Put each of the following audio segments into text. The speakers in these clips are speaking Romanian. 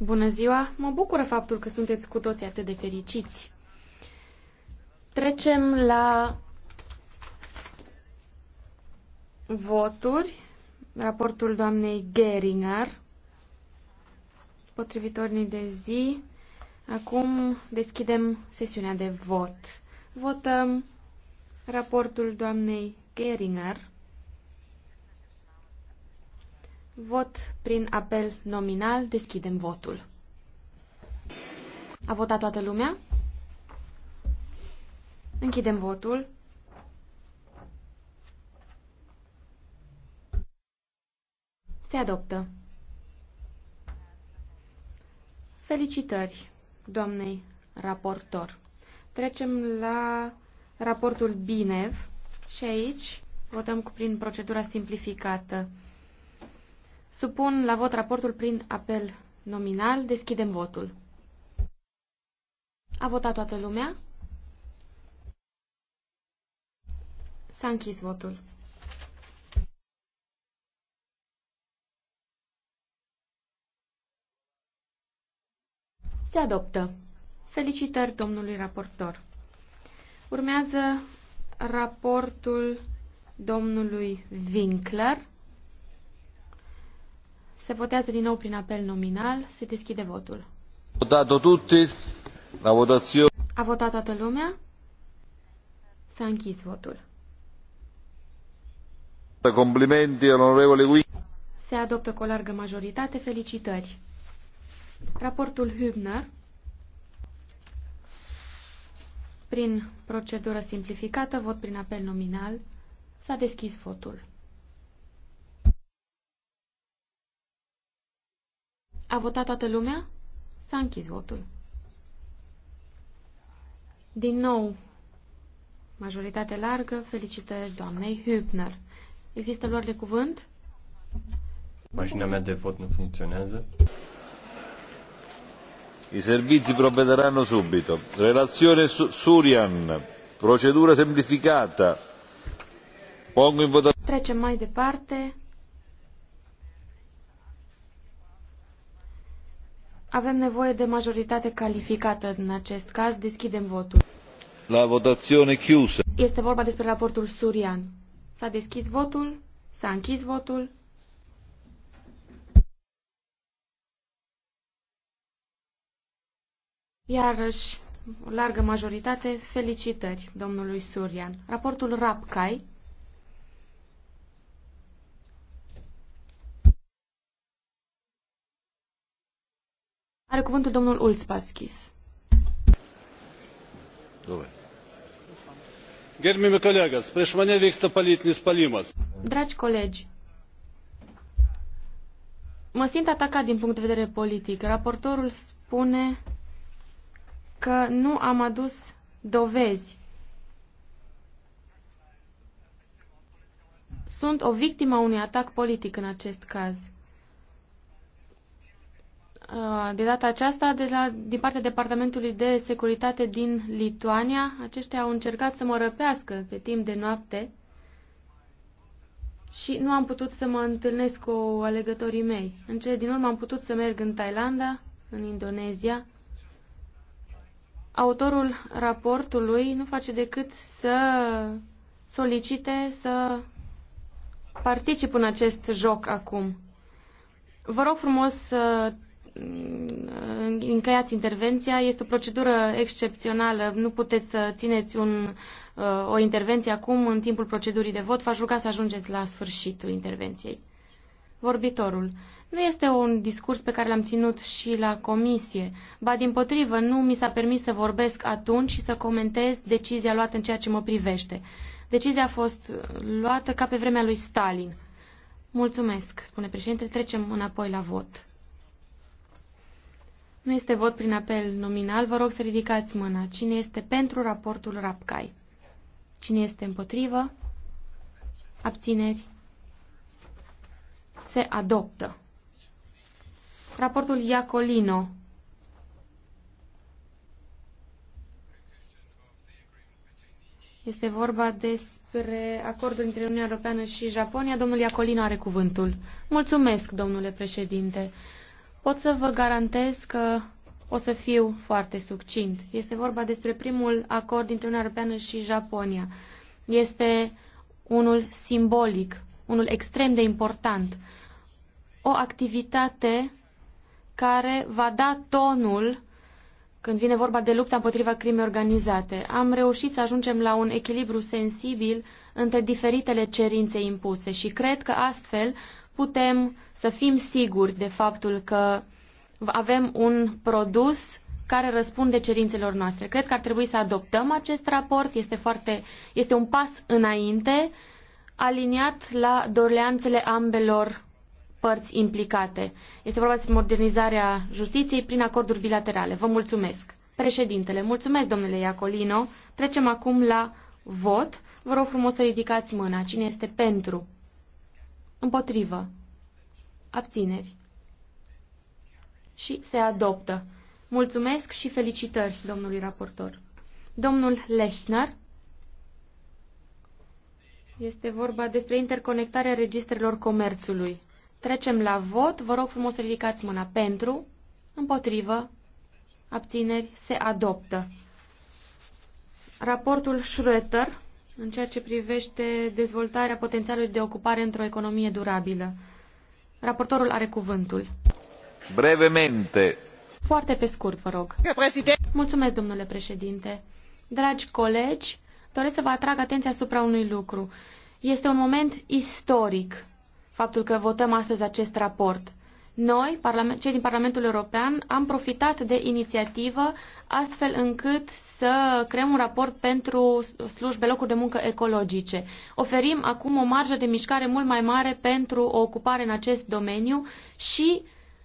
Bună ziua! Mă bucură faptul că sunteți cu toții atât de fericiți. Trecem la voturi. Raportul doamnei Geringer, potrivit de zi. Acum deschidem sesiunea de vot. Votăm raportul doamnei Geringer. Vot prin apel nominal. Deschidem votul. A votat toată lumea? Închidem votul. Se adoptă. Felicitări, doamnei raportor. Trecem la raportul BINEV și aici votăm cu prin procedura simplificată. Supun la vot raportul prin apel nominal. Deschidem votul. A votat toată lumea? S-a închis votul. Se adoptă. Felicitări domnului raportor. Urmează raportul domnului Winkler se votează din nou prin apel nominal. Se deschide votul. votat tutti. La votazione. A votat toată lumea? S-a închis votul. Complimenti, onorevole Guin. Se adoptă cu o largă majoritate. Felicitări. Raportul Hübner, prin procedură simplificată, vot prin apel nominal, s-a deschis votul. A votat toată lumea? S-a închis votul. Din nou, majoritate largă, felicitări doamnei Hübner. Există luări de cuvânt? Mașina mea de vot nu funcționează. I servizi provvederanno subito. Relazione su Surian, procedura semplificata. Pongo in votazione. Trecem mai departe Avem nevoie de majoritate calificată în acest caz. Deschidem votul. La votazione chiusă. Este vorba despre raportul Surian. S-a deschis votul, s-a închis votul. Iarăși, o largă majoritate, felicitări domnului Surian. Raportul RAPCAI Are cuvântul domnul Ulspaschis. Gerbimi Dragi colegi, mă simt atacat din punct de vedere politic. Raportorul spune că nu am adus dovezi. Sunt o victimă a unui atac politic în acest caz. Uh, de data aceasta de la, din partea Departamentului de Securitate din Lituania. Aceștia au încercat să mă răpească pe timp de noapte și nu am putut să mă întâlnesc cu alegătorii mei. În cele din urmă am putut să merg în Thailanda, în Indonezia. Autorul raportului nu face decât să solicite să particip în acest joc acum. Vă rog frumos să încheiați intervenția. Este o procedură excepțională. Nu puteți să țineți un, uh, o intervenție acum în timpul procedurii de vot. V-aș ruga să ajungeți la sfârșitul intervenției. Vorbitorul. Nu este un discurs pe care l-am ținut și la comisie. Ba, din potrivă, nu mi s-a permis să vorbesc atunci și să comentez decizia luată în ceea ce mă privește. Decizia a fost uh, luată ca pe vremea lui Stalin. Mulțumesc, spune președintele. Trecem înapoi la vot. Nu este vot prin apel nominal. Vă rog să ridicați mâna. Cine este pentru raportul RAPCAI? Cine este împotrivă? Abțineri? Se adoptă. Raportul Iacolino. Este vorba despre acordul între Uniunea Europeană și Japonia. Domnul Iacolino are cuvântul. Mulțumesc, domnule președinte pot să vă garantez că o să fiu foarte succint. Este vorba despre primul acord dintre Uniunea Europeană și Japonia. Este unul simbolic, unul extrem de important. O activitate care va da tonul când vine vorba de lupta împotriva crimei organizate. Am reușit să ajungem la un echilibru sensibil între diferitele cerințe impuse și cred că astfel putem să fim siguri de faptul că avem un produs care răspunde cerințelor noastre. Cred că ar trebui să adoptăm acest raport, este, foarte, este un pas înainte, aliniat la doleanțele ambelor părți implicate. Este vorba despre modernizarea justiției prin acorduri bilaterale. Vă mulțumesc. Președintele, mulțumesc, domnule Iacolino. Trecem acum la vot. Vă rog frumos să ridicați mâna. Cine este pentru? Împotrivă. Abțineri. Și se adoptă. Mulțumesc și felicitări domnului raportor. Domnul Lechner. Este vorba despre interconectarea registrelor comerțului. Trecem la vot. Vă rog frumos să ridicați mâna pentru, împotrivă, abțineri, se adoptă. Raportul Schröter în ceea ce privește dezvoltarea potențialului de ocupare într-o economie durabilă. Raportorul are cuvântul. Brevemente. Foarte pe scurt, vă rog. Mulțumesc, domnule președinte. Dragi colegi, doresc să vă atrag atenția asupra unui lucru. Este un moment istoric faptul că votăm astăzi acest raport. Noi, cei din Parlamentul European, am profitat de inițiativă astfel încât să creăm un raport pentru slujbe locuri de muncă ecologice. Oferim acum o marjă de mișcare mult mai mare pentru o ocupare în acest domeniu și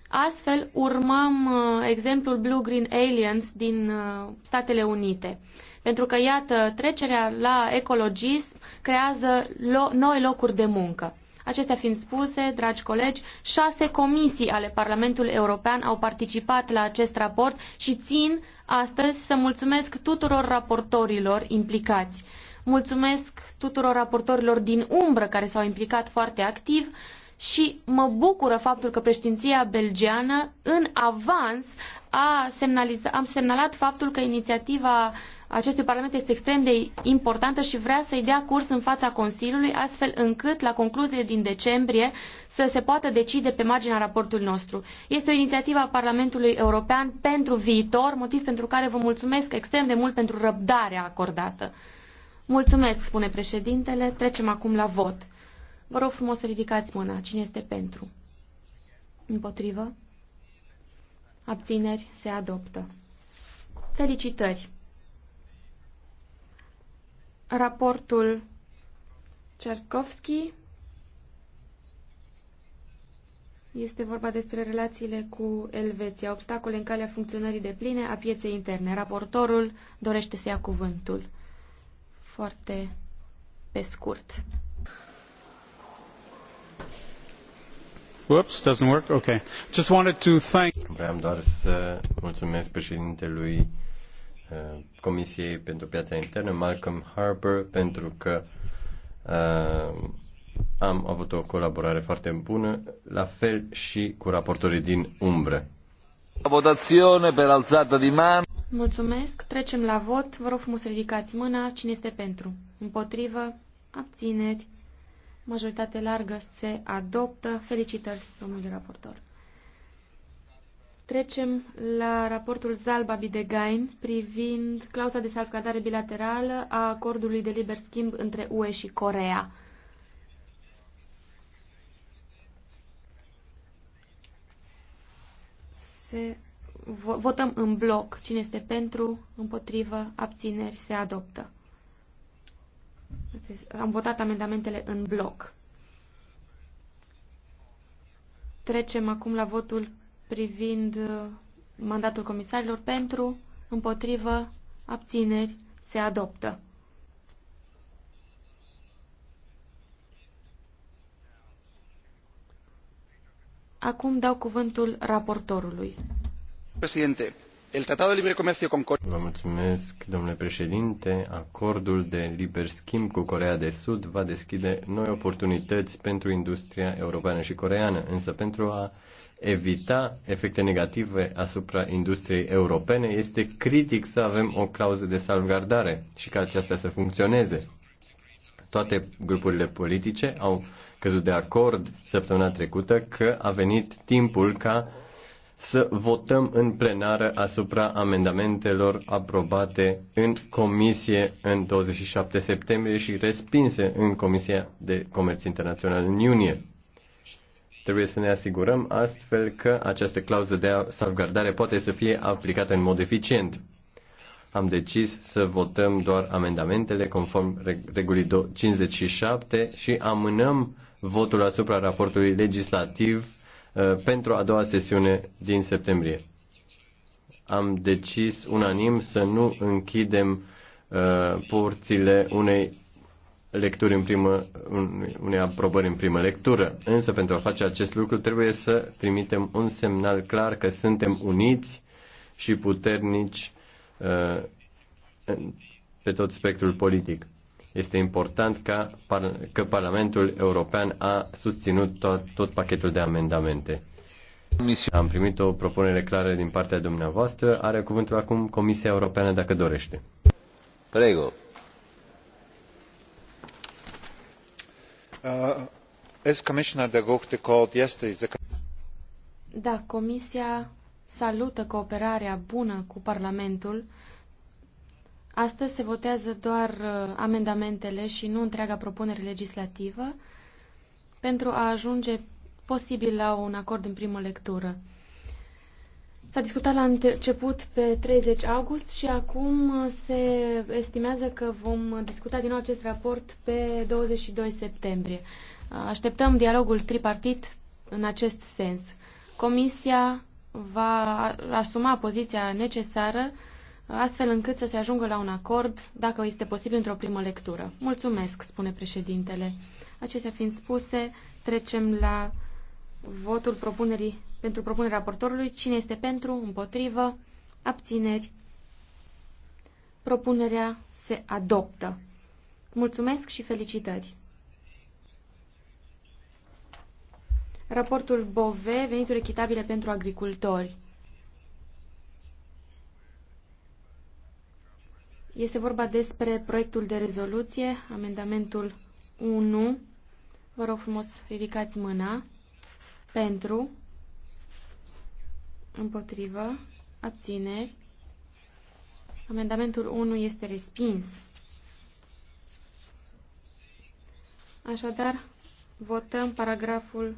astfel urmăm uh, exemplul Blue Green Aliens din uh, Statele Unite. Pentru că, iată, trecerea la ecologism creează noi locuri de muncă. Acestea fiind spuse, dragi colegi, șase comisii ale Parlamentului European au participat la acest raport și țin astăzi să mulțumesc tuturor raportorilor implicați. Mulțumesc tuturor raportorilor din umbră care s-au implicat foarte activ și mă bucură faptul că președinția belgiană în avans a semnaliz- am semnalat faptul că inițiativa acestui Parlament este extrem de importantă și vrea să-i dea curs în fața Consiliului, astfel încât la concluziile din decembrie să se poată decide pe marginea raportului nostru. Este o inițiativă a Parlamentului European pentru viitor, motiv pentru care vă mulțumesc extrem de mult pentru răbdarea acordată. Mulțumesc, spune președintele. Trecem acum la vot. Vă rog frumos să ridicați mâna. Cine este pentru? Împotrivă? Abțineri? Se adoptă. Felicitări! raportul Cerskovski. Este vorba despre relațiile cu Elveția, obstacole în calea funcționării de pline a pieței interne. Raportorul dorește să ia cuvântul. Foarte pe scurt. Oops, doesn't work? Okay. Just wanted to thank... Vreau doar să mulțumesc președintelui uh, Uh, Comisiei pentru Piața Internă, Malcolm Harper, pentru că uh, am avut o colaborare foarte bună, la fel și cu raportorii din umbră. Votazione per alzata di mano. Mulțumesc. Trecem la vot. Vă rog frumos să ridicați mâna. Cine este pentru? Împotrivă? Abțineri? Majoritate largă se adoptă. Felicitări, domnului raportor. Trecem la raportul Zalba Bidegain privind clauza de salvgardare bilaterală a acordului de liber schimb între UE și Corea. Se votăm în bloc cine este pentru, împotrivă, abțineri, se adoptă. Am votat amendamentele în bloc. Trecem acum la votul privind uh, mandatul comisarilor pentru, împotrivă, abțineri, se adoptă. Acum dau cuvântul raportorului. Președinte, el tratat de Libre Comercio cu Corea. Vă mulțumesc, domnule președinte. Acordul de liber schimb cu Corea de Sud va deschide noi oportunități pentru industria europeană și coreeană, însă pentru a evita efecte negative asupra industriei europene, este critic să avem o clauză de salvgardare și ca aceasta să funcționeze. Toate grupurile politice au căzut de acord săptămâna trecută că a venit timpul ca să votăm în plenară asupra amendamentelor aprobate în comisie în 27 septembrie și respinse în Comisia de Comerț Internațional în iunie Trebuie să ne asigurăm astfel că această clauză de salvgardare poate să fie aplicată în mod eficient. Am decis să votăm doar amendamentele conform regulii 57 și amânăm votul asupra raportului legislativ uh, pentru a doua sesiune din septembrie. Am decis unanim să nu închidem uh, porțile unei lecturi în primă, unei aprobări în primă lectură. Însă, pentru a face acest lucru, trebuie să trimitem un semnal clar că suntem uniți și puternici uh, pe tot spectrul politic. Este important ca, că Parlamentul European a susținut tot, tot pachetul de amendamente. Am primit o propunere clară din partea dumneavoastră. Are cuvântul acum Comisia Europeană dacă dorește. Prego. Uh, as commissioner de gucht yesterday the da, Comisia salută cooperarea bună cu Parlamentul. Astăzi se votează doar uh, amendamentele și nu întreaga propunere legislativă pentru a ajunge posibil la un acord în primă lectură. S-a discutat la început pe 30 august și acum se estimează că vom discuta din nou acest raport pe 22 septembrie. Așteptăm dialogul tripartit în acest sens. Comisia va asuma poziția necesară astfel încât să se ajungă la un acord, dacă este posibil, într-o primă lectură. Mulțumesc, spune președintele. Acestea fiind spuse, trecem la votul propunerii pentru propunerea raportorului. Cine este pentru, împotrivă, abțineri. Propunerea se adoptă. Mulțumesc și felicitări! Raportul BOVE, venituri echitabile pentru agricultori. Este vorba despre proiectul de rezoluție, amendamentul 1. Vă rog frumos, ridicați mâna. Pentru. Împotrivă. Abțineri. Amendamentul 1 este respins. Așadar, votăm paragraful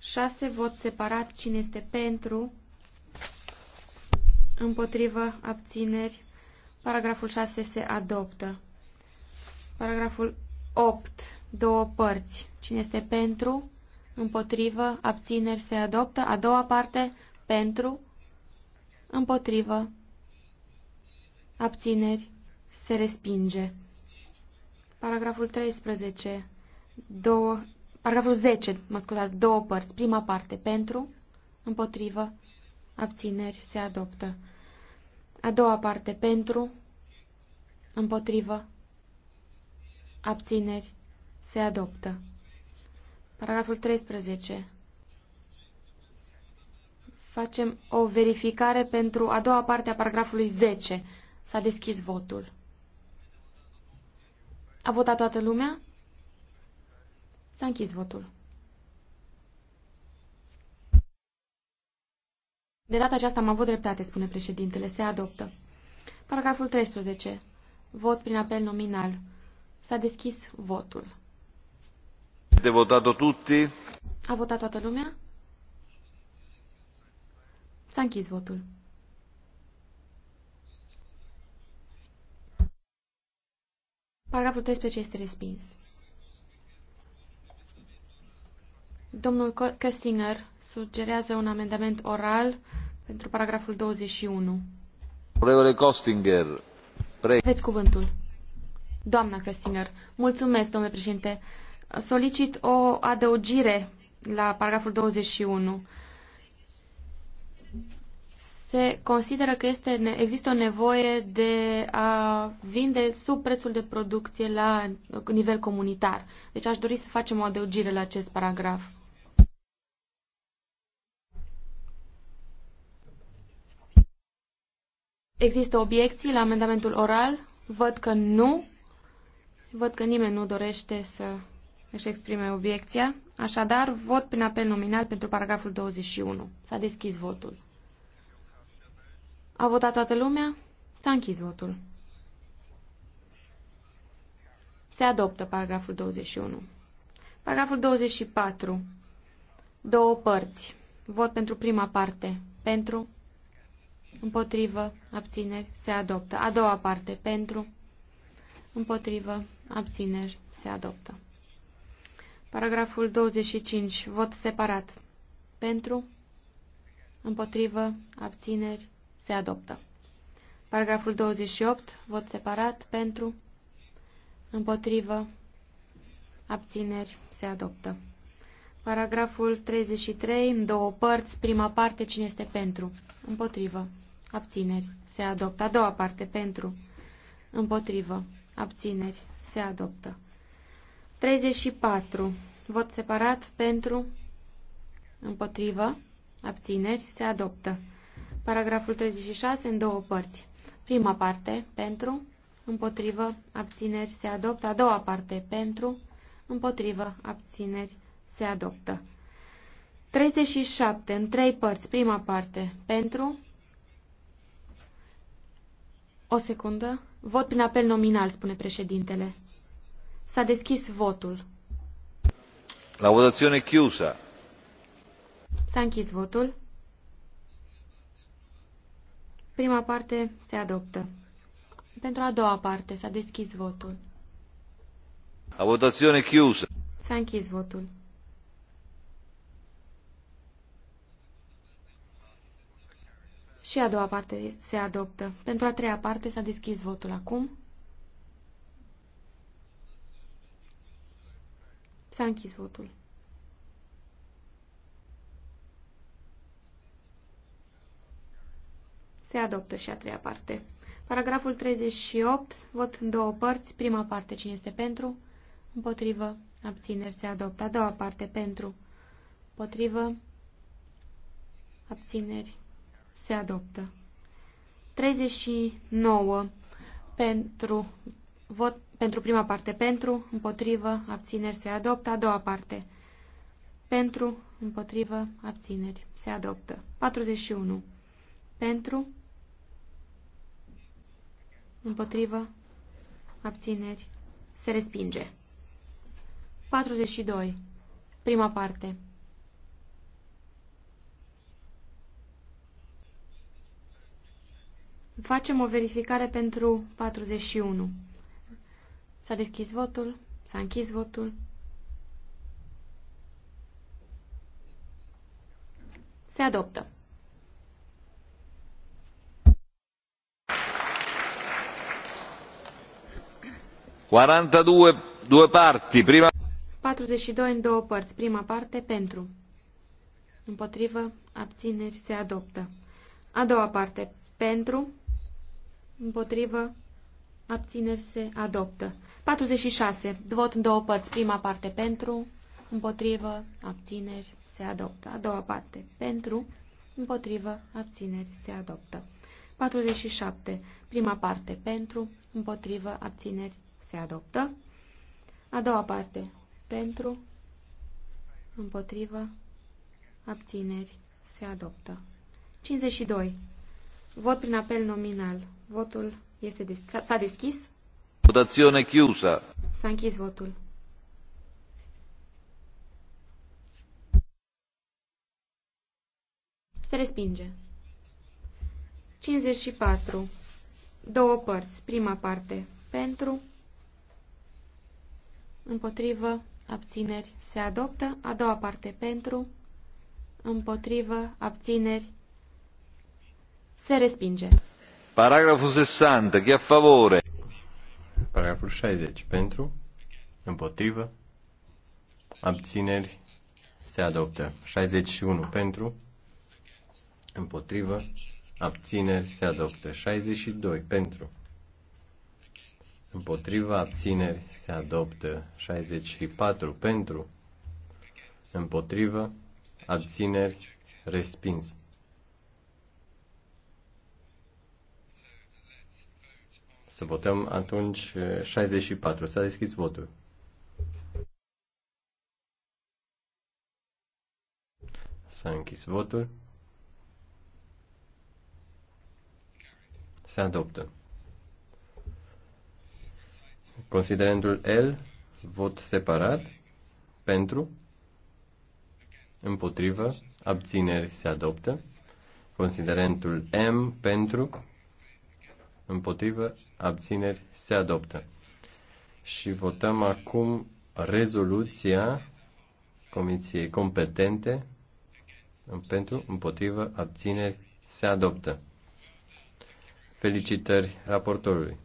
6, vot separat, cine este pentru, împotrivă, abțineri. Paragraful 6 se adoptă. Paragraful 8, două părți. Cine este pentru, împotrivă, abțineri se adoptă. A doua parte, pentru, împotrivă, abțineri, se respinge. Paragraful 13, două, paragraful 10, mă scuzați, două părți. Prima parte, pentru, împotrivă, abțineri, se adoptă. A doua parte, pentru, împotrivă, abțineri, se adoptă. Paragraful 13. Facem o verificare pentru a doua parte a paragrafului 10. S-a deschis votul. A votat toată lumea? S-a închis votul. De data aceasta am avut dreptate, spune președintele. Se adoptă. Paragraful 13. Vot prin apel nominal. S-a deschis votul. De votat-o tutti. A votat toată lumea? S-a închis votul. Paragraful 13 este respins. Domnul Köstinger sugerează un amendament oral pentru paragraful 21. Domnule Köstinger. Pre... Aveți cuvântul. Doamna Köstinger, mulțumesc, domnule președinte. Solicit o adăugire la paragraful 21 se consideră că este, există o nevoie de a vinde sub prețul de producție la nivel comunitar. Deci aș dori să facem o adăugire la acest paragraf. Există obiecții la amendamentul oral? Văd că nu. Văd că nimeni nu dorește să își exprime obiecția. Așadar, vot prin apel nominal pentru paragraful 21. S-a deschis votul. A votat toată lumea? S-a închis votul. Se adoptă paragraful 21. Paragraful 24. Două părți. Vot pentru prima parte. Pentru. Împotrivă. Abțineri. Se adoptă. A doua parte. Pentru. Împotrivă. Abțineri. Se adoptă. Paragraful 25. Vot separat. Pentru. Împotrivă. Abțineri. Se adoptă. Paragraful 28, vot separat, pentru, împotrivă, abțineri, se adoptă. Paragraful 33, în două părți, prima parte, cine este pentru? Împotrivă, abțineri, se adoptă. A doua parte, pentru, împotrivă, abțineri, se adoptă. 34, vot separat, pentru, împotrivă, abțineri, se adoptă. Paragraful 36 în două părți. Prima parte, pentru, împotrivă, abțineri, se adoptă. A doua parte, pentru, împotrivă, abțineri, se adoptă. 37 în trei părți. Prima parte, pentru, o secundă, vot prin apel nominal, spune președintele. S-a deschis votul. La votazione chiusa. S-a închis votul. Prima parte se adoptă. Pentru a doua parte s-a deschis votul. La votazione chiusa. S-a închis votul. Și a doua parte se adoptă. Pentru a treia parte s-a deschis votul acum. S-a închis votul. Se adoptă și a treia parte. Paragraful 38, vot în două părți. Prima parte, cine este pentru? Împotrivă. Abțineri se adoptă. A doua parte, pentru. Împotrivă. Abțineri se adoptă. 39 pentru vot pentru prima parte pentru, împotrivă, abțineri se adoptă. A doua parte pentru, împotrivă, abțineri se adoptă. 41 pentru, împotrivă, abțineri, se respinge. 42. Prima parte. Facem o verificare pentru 41. S-a deschis votul, s-a închis votul. Se adoptă. 42, due parti, prima... 42 în două părți. Prima parte pentru. Împotrivă, abțineri, se adoptă. A doua parte pentru. Împotrivă, abțineri, se adoptă. 46. Vot în două părți. Prima parte pentru. Împotrivă, abțineri, se adoptă. A doua parte pentru. Împotrivă, abțineri, se adoptă. 47. Prima parte pentru, împotrivă, abțineri, se adoptă. A doua parte, pentru, împotrivă, abțineri, se adoptă. 52. Vot prin apel nominal. Votul este s-a deschis? Votazione chiusa. S-a închis votul. Se respinge. 54. Două părți. Prima parte pentru, împotrivă, abțineri, se adoptă. A doua parte pentru, împotrivă, abțineri, se respinge. Paragraful 60, chi a favore? Paragraful 60, pentru, împotrivă, abțineri, se adoptă. 61, pentru, împotrivă, abțineri, se adoptă. 62, pentru, împotriva abțineri se adoptă 64 pentru, împotriva abțineri respins. Să votăm atunci 64. Eh, S-a deschis votul. S-a închis votul. Se adoptă. Considerentul L, vot separat, pentru, împotrivă, abțineri se adoptă. Considerentul M, pentru, împotrivă, abțineri se adoptă. Și votăm acum rezoluția Comisiei competente pentru, împotrivă, abțineri se adoptă. Felicitări raportorului.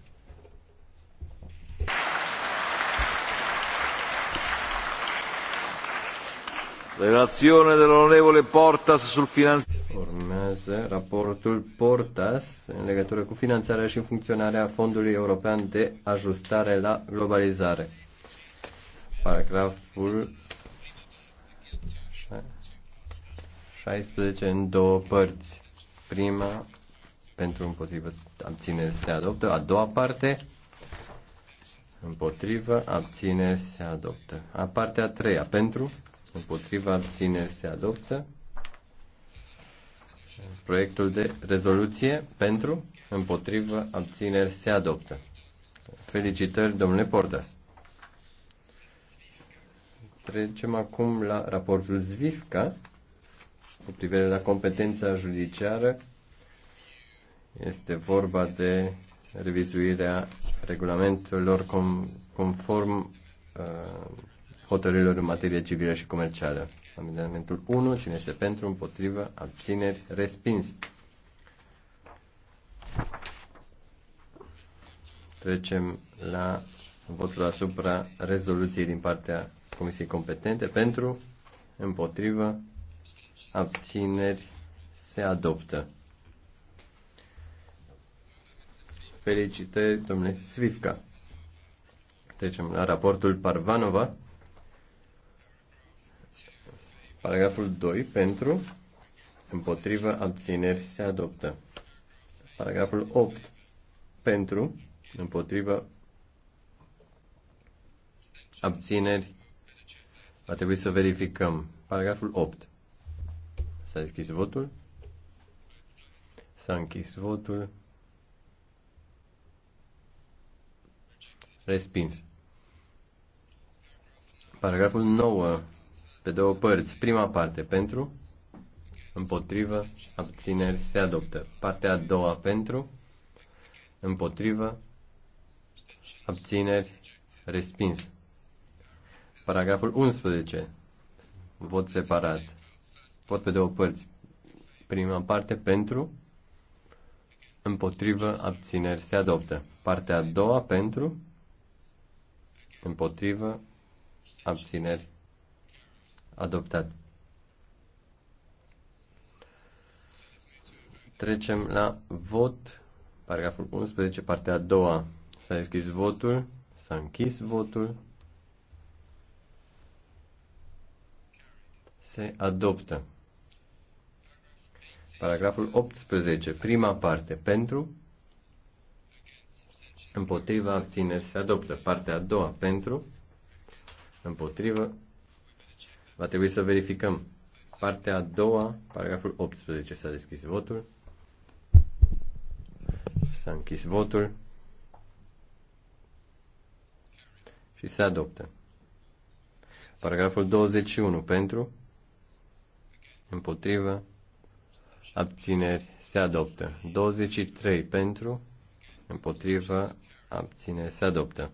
Relazione dell'onorevole Portas sul finanziamento. Urmează raportul Portas în legătură cu finanțarea și funcționarea Fondului European de Ajustare la Globalizare. Paragraful 16 în două părți. Prima pentru împotrivă abține se adoptă, a doua parte împotrivă abține se adoptă. A partea a treia pentru împotriva abțineri se adoptă. Proiectul de rezoluție pentru, împotriva abțineri se adoptă. Felicitări, domnule Portas. Trecem acum la raportul Zvifca cu privire la competența judiciară. Este vorba de revizuirea regulamentelor conform uh, hotărârilor în materie civilă și comercială. Amendamentul 1. Cine este pentru, împotrivă, abțineri, respins. Trecem la votul asupra rezoluției din partea Comisiei competente pentru, împotrivă, abțineri, se adoptă. Felicitări, domnule Svifka. Trecem la raportul Parvanova. Paragraful 2 pentru, împotrivă, abțineri se adoptă. Paragraful 8 pentru, împotrivă, abțineri. Va trebui să verificăm. Paragraful 8. S-a deschis votul. S-a închis votul. Respins. Paragraful 9 pe două părți. Prima parte pentru, împotrivă, abțineri, se adoptă. Partea a doua pentru, împotrivă, abțineri, respins. Paragraful 11. Vot separat. Vot pe două părți. Prima parte pentru, împotrivă, abțineri, se adoptă. Partea a doua pentru, împotrivă, abțineri, adoptat. Trecem la vot, paragraful 11, partea a doua. S-a deschis votul, s-a închis votul, se adoptă. Paragraful 18, prima parte, pentru, împotriva, abțineri, se adoptă. Partea a doua, pentru, împotriva, Va trebui să verificăm. Partea a doua, paragraful 18, s-a deschis votul. S-a închis votul. Și se adoptă. Paragraful 21 pentru, împotrivă, abțineri, se adoptă. 23 pentru, împotrivă, abțineri, se adoptă.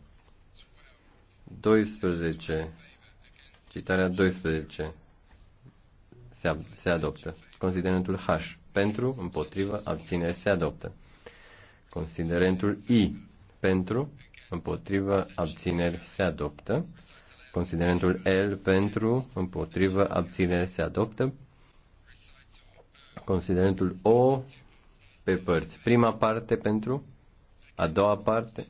12 Citarea 12 se, se adoptă. Considerentul H. Pentru, împotrivă, abținere se adoptă. Considerentul I. Pentru, împotrivă, abținere se adoptă. Considerentul L. Pentru, împotrivă, abținere se adoptă. Considerentul O. Pe părți. Prima parte pentru, a doua parte,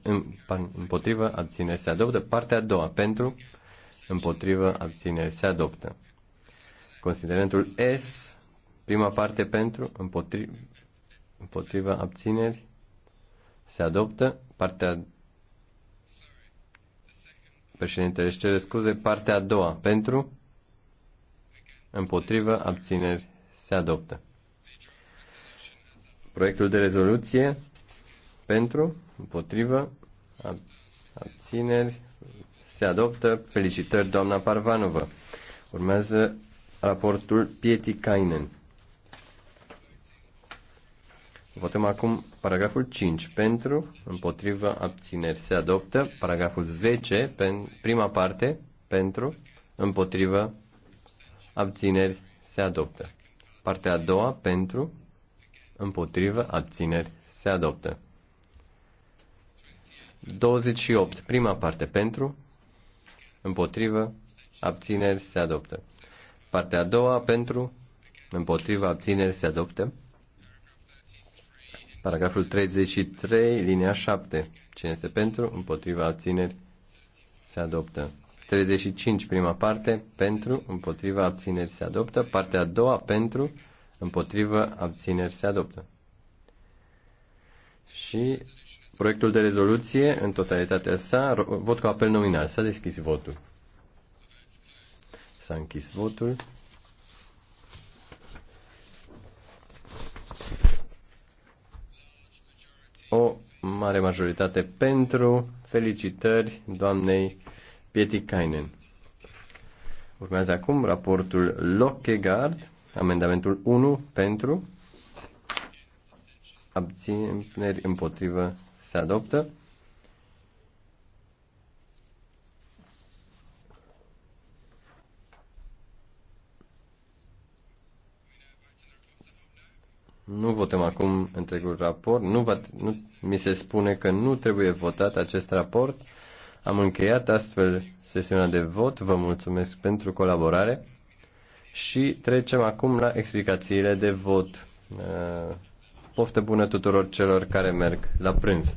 împotrivă, abținere se adoptă. Partea a doua pentru, împotrivă, abțineri, se adoptă. Considerentul S, prima parte pentru, împotrivă, împotrivă abțineri, se adoptă. Partea Președintele își cere scuze. Partea a doua. Pentru? Împotrivă? Abțineri? Se adoptă. Proiectul de rezoluție? Pentru? Împotrivă? Ab- abțineri? Se adoptă. Felicitări, doamna Parvanova. Urmează raportul Pieti Kainen. Votăm acum paragraful 5 pentru, împotrivă, abțineri. Se adoptă paragraful 10, pen, prima parte, pentru, împotrivă, abțineri. Se adoptă. Partea a doua, pentru, împotrivă, abțineri. Se adoptă. 28. Prima parte, pentru, împotrivă, abțineri se adoptă. Partea a doua pentru, împotrivă, abțineri se adoptă. Paragraful 33, linia 7. Cine este pentru, împotriva abțineri se adoptă. 35, prima parte, pentru, împotriva abțineri se adoptă. Partea a doua, pentru, împotriva abțineri se adoptă. Și Proiectul de rezoluție, în totalitatea sa, vot cu apel nominal. S-a deschis votul. S-a închis votul. O mare majoritate pentru. Felicitări doamnei Pietikainen. Urmează acum raportul Lockegaard, amendamentul 1 pentru abțineri împotrivă se adoptă. Nu votăm acum întregul raport. Nu, va, nu mi se spune că nu trebuie votat acest raport. Am încheiat astfel sesiunea de vot. Vă mulțumesc pentru colaborare și trecem acum la explicațiile de vot. Uh, Poftă bună tuturor celor care merg la prânz.